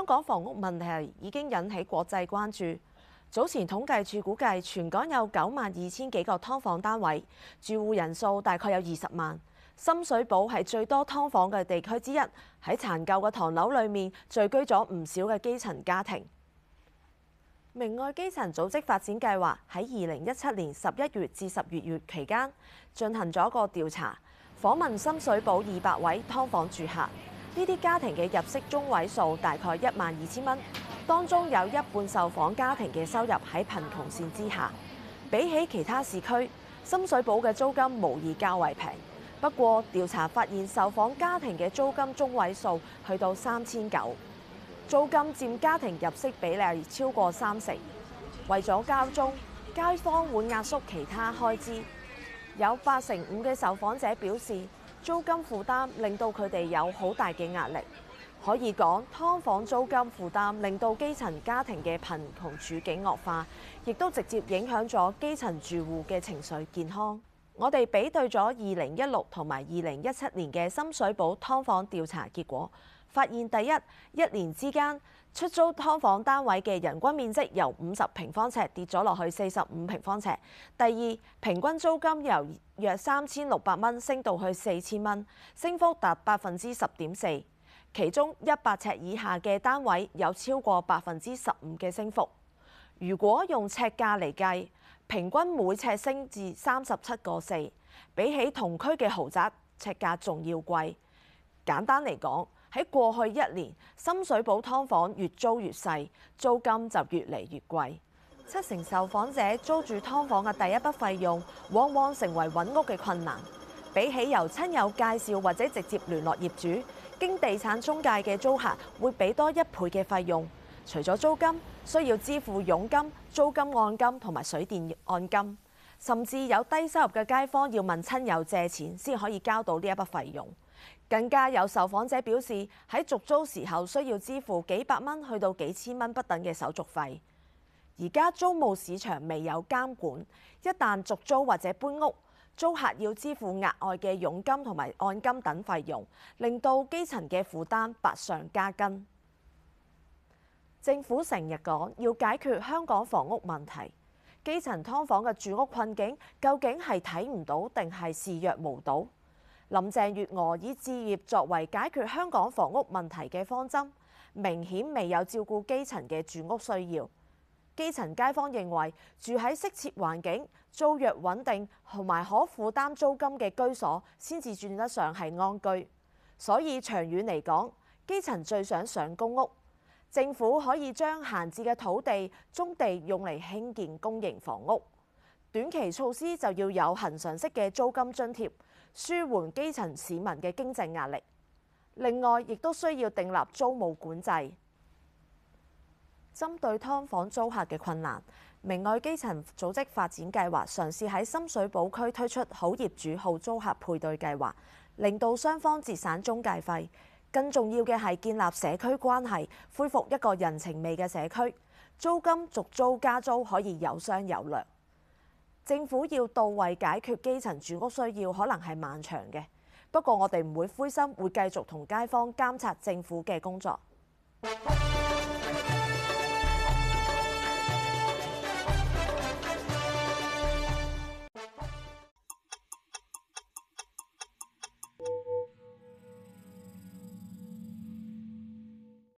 香港房屋問題已經引起國際關注。早前統計處估計，全港有九萬二千幾個劏房單位，住戶人數大概有二十萬。深水埗係最多劏房嘅地區之一，喺殘舊嘅唐樓裏面聚居咗唔少嘅基層家庭。明愛基層組織發展計劃喺二零一七年十一月至十二月期間進行咗個調查，訪問深水埗二百位劏房住客。呢啲家庭嘅入息中位數大概一萬二千蚊，當中有一半受訪家庭嘅收入喺貧窮線之下。比起其他市區，深水埗嘅租金無疑較為平。不過調查發現，受訪家庭嘅租金中位數去到三千九，租金佔家庭入息比例超過三成。為咗交租，街坊會壓縮其他開支。有八成五嘅受訪者表示，租金負擔令到佢哋有好大嘅壓力，可以講，劏房租金負擔令到基層家庭嘅貧窮處境惡化，亦都直接影響咗基層住戶嘅情緒健康。我哋比對咗二零一六同埋二零一七年嘅深水埗劏房調查結果。發現第一，一年之間出租劏房單位嘅人均面積由五十平方尺跌咗落去四十五平方尺。第二，平均租金由約三千六百蚊升到去四千蚊，升幅達百分之十點四。其中，一百尺以下嘅單位有超過百分之十五嘅升幅。如果用尺價嚟計，平均每尺升至三十七個四，比起同區嘅豪宅尺價仲要貴。簡單嚟講，喺過去一年，深水埗劏房越租越細，租金就越嚟越貴。七成受訪者租住劏房嘅第一筆費用，往往成為揾屋嘅困難。比起由親友介紹或者直接聯絡業主，經地產中介嘅租客會俾多一倍嘅費用。除咗租金，需要支付佣金、租金按金同埋水電按金，甚至有低收入嘅街坊要問親友借錢，先可以交到呢一筆費用。更加有受訪者表示，喺續租時候需要支付幾百蚊去到幾千蚊不等嘅手續費。而家租務市場未有監管，一旦續租或者搬屋，租客要支付額外嘅佣金同埋按金等費用，令到基層嘅負擔百上加斤。政府成日講要解決香港房屋問題，基層劏房嘅住屋困境，究竟係睇唔到定係視若無睹？林鄭月娥以置業作為解決香港房屋問題嘅方針，明顯未有照顧基層嘅住屋需要。基層街坊認為住喺適切環境、租約穩定同埋可負擔租金嘅居所，先至算得上係安居。所以長遠嚟講，基層最想上公屋。政府可以將閒置嘅土地、棕地用嚟興建公營房屋。短期措施就要有恒常式嘅租金津貼。舒緩基層市民嘅經濟壓力，另外亦都需要訂立租務管制。針對劏房租客嘅困難，明愛基層組織發展計劃嘗試喺深水埗區推出好業主好租客配對計劃，令到雙方節省中介費。更重要嘅係建立社區關係，恢復一個人情味嘅社區。租金續租加租可以有商有量。政府要到位解決基層住屋需要，可能係漫長嘅。不過我哋唔會灰心，會繼續同街坊監察政府嘅工作。